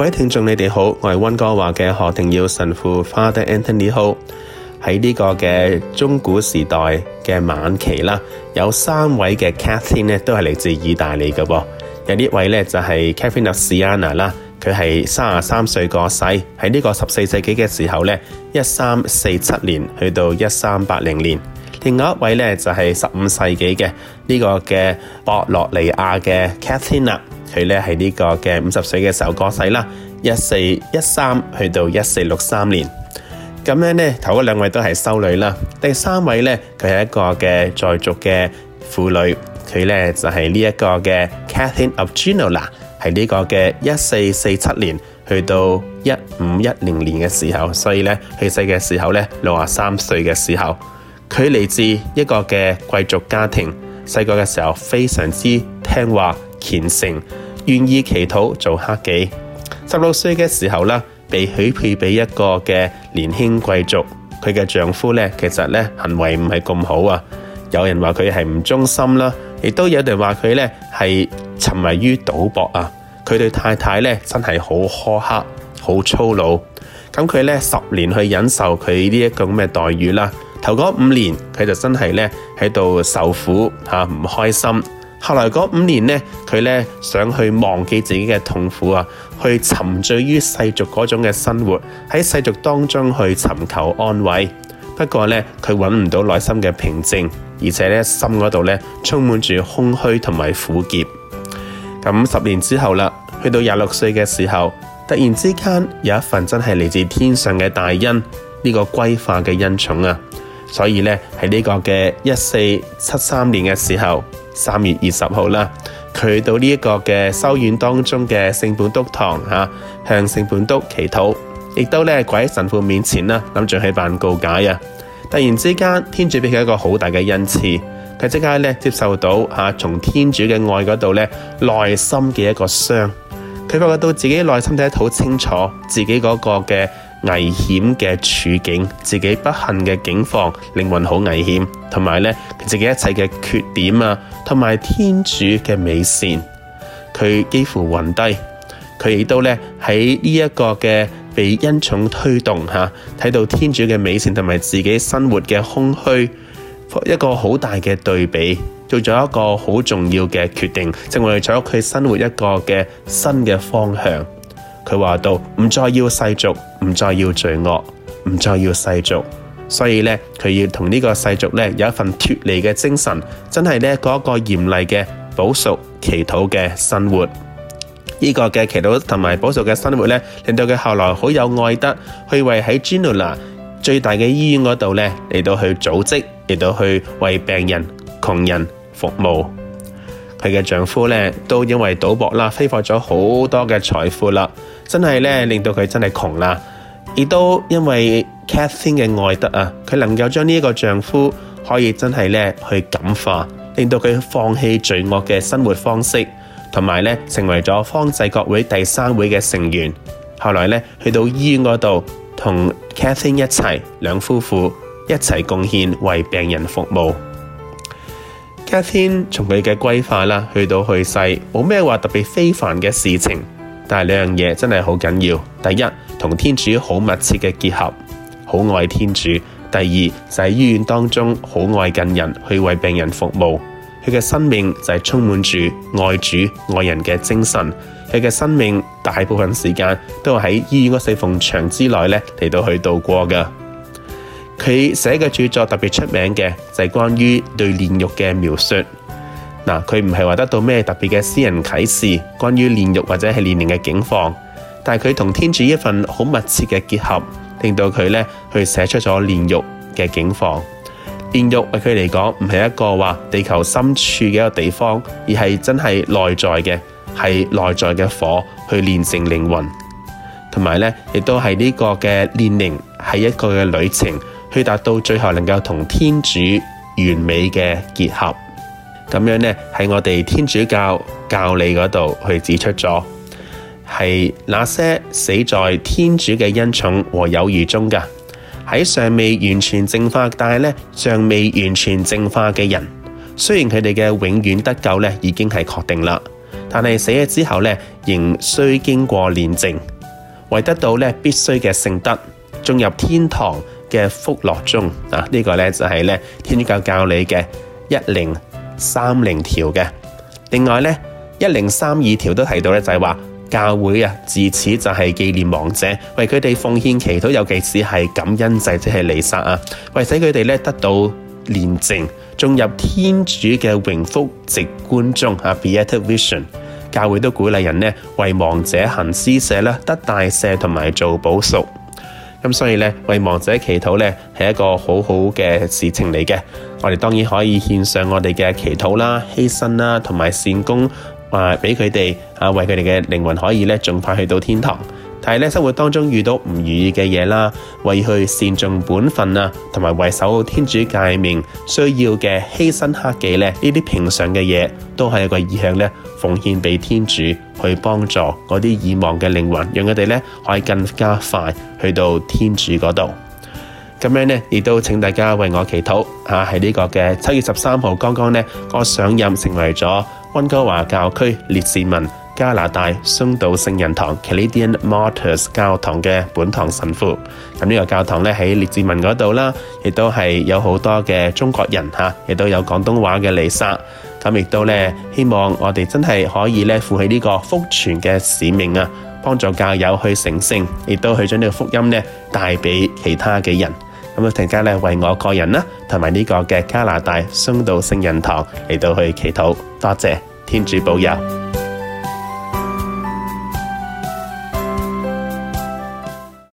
各位聽眾，你哋好，我係温哥華嘅何定耀神父 Father Anthony Ho。喺呢個嘅中古時代嘅晚期啦，有三位嘅 Catherine 都係嚟自意大利嘅噃。有呢位呢就係 Catherine of Siena 啦，佢係三十三歲過世，喺呢個十四世紀嘅時候呢，一三四七年去到一三八零年。另外一位咧就係十五世紀嘅呢個嘅博洛尼亞嘅 Catherine 啦，佢咧係呢個嘅五十歲嘅時候過世啦，一四一三去到一四六三年。咁樣咧咧頭嗰兩位都係修女啦，第三位咧佢係一個嘅在俗嘅婦女，佢咧就係呢一個嘅 Catherine of Genoa 啦，係呢個嘅一四四七年去到一五一零年嘅時候，所以咧去世嘅時候咧六十三歲嘅時候。佢嚟自一個嘅貴族家庭，細個嘅時候非常之聽話、虔誠，願意祈禱做黑記。十六歲嘅時候啦，被許配俾一個嘅年輕貴族。佢嘅丈夫咧，其實咧行為唔係咁好啊。有人話佢係唔忠心啦，亦都有人話佢咧係沉迷於賭博啊。佢對太太咧真係好苛刻、好粗魯。咁佢咧十年去忍受佢呢一個咁嘅待遇啦。頭嗰五年，佢就真係咧喺度受苦吓，唔開心。後來嗰五年呢，佢咧想去忘記自己嘅痛苦啊，去沉醉於世俗嗰種嘅生活，喺世俗當中去尋求安慰。不過咧，佢搵唔到內心嘅平靜，而且咧心嗰度咧充滿住空虛同埋苦澀。咁十年之後啦，去到廿六歲嘅時候，突然之間有一份真係嚟自天上嘅大恩呢、呢個歸化嘅恩寵啊！所以咧喺呢個嘅一四七三年嘅時候，三月二十號啦，佢到呢一個嘅修院當中嘅聖本篤堂啊，向聖本篤祈禱，亦都咧跪喺神父面前啦，諗住去辦告解啊。突然之間，天主俾佢一個好大嘅恩賜，佢即刻咧接受到啊，從天主嘅愛嗰度咧，內心嘅一個傷，佢發覺到自己內心底好清楚自己嗰個嘅。危險嘅處境，自己不幸嘅境況，靈魂好危險，同埋呢自己一切嘅缺點啊，同埋天主嘅美善，佢幾乎暈低，佢亦都呢喺呢一個嘅被恩寵推動吓，睇到天主嘅美善同埋自己生活嘅空虛，一個好大嘅對比，做咗一個好重要嘅決定，成為咗佢生活一個嘅新嘅方向。佢話到唔再要世俗，唔再要罪惡，唔再要世俗，所以咧佢要同呢個世俗咧有一份脱離嘅精神，真係咧嗰個嚴厲嘅保守祈禱嘅生活，呢個嘅祈禱同埋保守嘅生活咧，令到佢後來好有愛德去為喺 Genoa 最大嘅醫院嗰度咧嚟到去組織，嚟到去為病人窮人服務。佢嘅丈夫咧都因為賭博啦，揮霍咗好多嘅財富啦，真係咧令到佢真係窮啦。亦都因為 Catherine 嘅愛德啊，佢能夠將呢一個丈夫可以真係咧去感化，令到佢放棄罪惡嘅生活方式，同埋咧成為咗方濟各會第三會嘅成員。後來咧去到醫院嗰度，同 Catherine 一齊，兩夫婦一齊貢獻為病人服務。一天從佢嘅歸化啦去到去世，冇咩話特別非凡嘅事情。但係兩樣嘢真係好緊要：第一，同天主好密切嘅結合，好愛天主；第二就喺醫院當中好愛近人，去為病人服務。佢嘅生命就係充滿住愛主、愛人嘅精神。佢嘅生命大部分時間都喺醫院嗰四縫牆之內來嚟到去度過嘅。佢寫嘅著作特別出名嘅就係關於對煉獄嘅描述。嗱，佢唔係話得到咩特別嘅私人啟示，關於煉獄或者係煉靈嘅境況，但係佢同天主一份好密切嘅結合，令到佢咧去寫出咗煉獄嘅境況。煉獄為佢嚟講唔係一個話地球深處嘅一個地方，而係真係內在嘅，係內在嘅火去煉成靈魂，同埋咧亦都係呢個嘅煉靈係一個嘅旅程。去達到最後能夠同天主完美嘅結合，咁樣呢，喺我哋天主教教理嗰度去指出咗，係那些死在天主嘅恩寵和友誼中嘅，喺尚未完全淨化，但係呢，尚未完全淨化嘅人，雖然佢哋嘅永遠得救呢已經係確定啦，但係死咗之後呢，仍需經過煉淨，為得到呢必需嘅聖德，進入天堂嘅福樂中啊，這個、呢個咧，就係、是、咧天主教教理嘅一零三零條嘅。另外咧一零三二條都提到咧，就係、是、話，教會啊自此就係紀念亡者，為佢哋奉獻祈禱，尤其是係感恩祭即係彌撒啊，為使佢哋咧得到煉淨，進入天主嘅榮福直觀中啊 beatific vision）。教會都鼓勵人咧為亡者行施捨啦，得大赦同埋做補贖。咁所以呢，為亡者祈禱呢係一個好好嘅事情嚟嘅。我哋當然可以獻上我哋嘅祈禱啦、犧牲啦，同埋善功，話俾佢哋啊，為佢哋嘅靈魂可以呢盡快去到天堂。但係咧，生活當中遇到唔如意嘅嘢啦，為去善盡本分啊，同埋為守好天主誡命需要嘅犧牲克己咧，呢啲平常嘅嘢，都係一個意向咧，奉獻俾天主去幫助嗰啲已亡嘅靈魂，讓佢哋咧可以更加快去到天主嗰度。咁樣咧，亦都請大家為我祈禱啊！喺呢個嘅七月十三號，剛剛咧，我上任成為咗溫哥華教區列治文。加拿大殉道聖人堂 （Canadian Martyrs） 教堂嘅本堂神父。咁呢個教堂咧喺列治文嗰度啦，亦都係有好多嘅中國人吓，亦都有廣東話嘅彌撒。咁亦都咧，希望我哋真係可以咧負起呢個福傳嘅使命啊，幫助教友去成聖，亦都去將呢個福音咧帶俾其他嘅人。咁啊，陣間咧為我個人啦，同埋呢個嘅加拿大殉道聖人堂嚟到去祈禱，多謝天主保佑。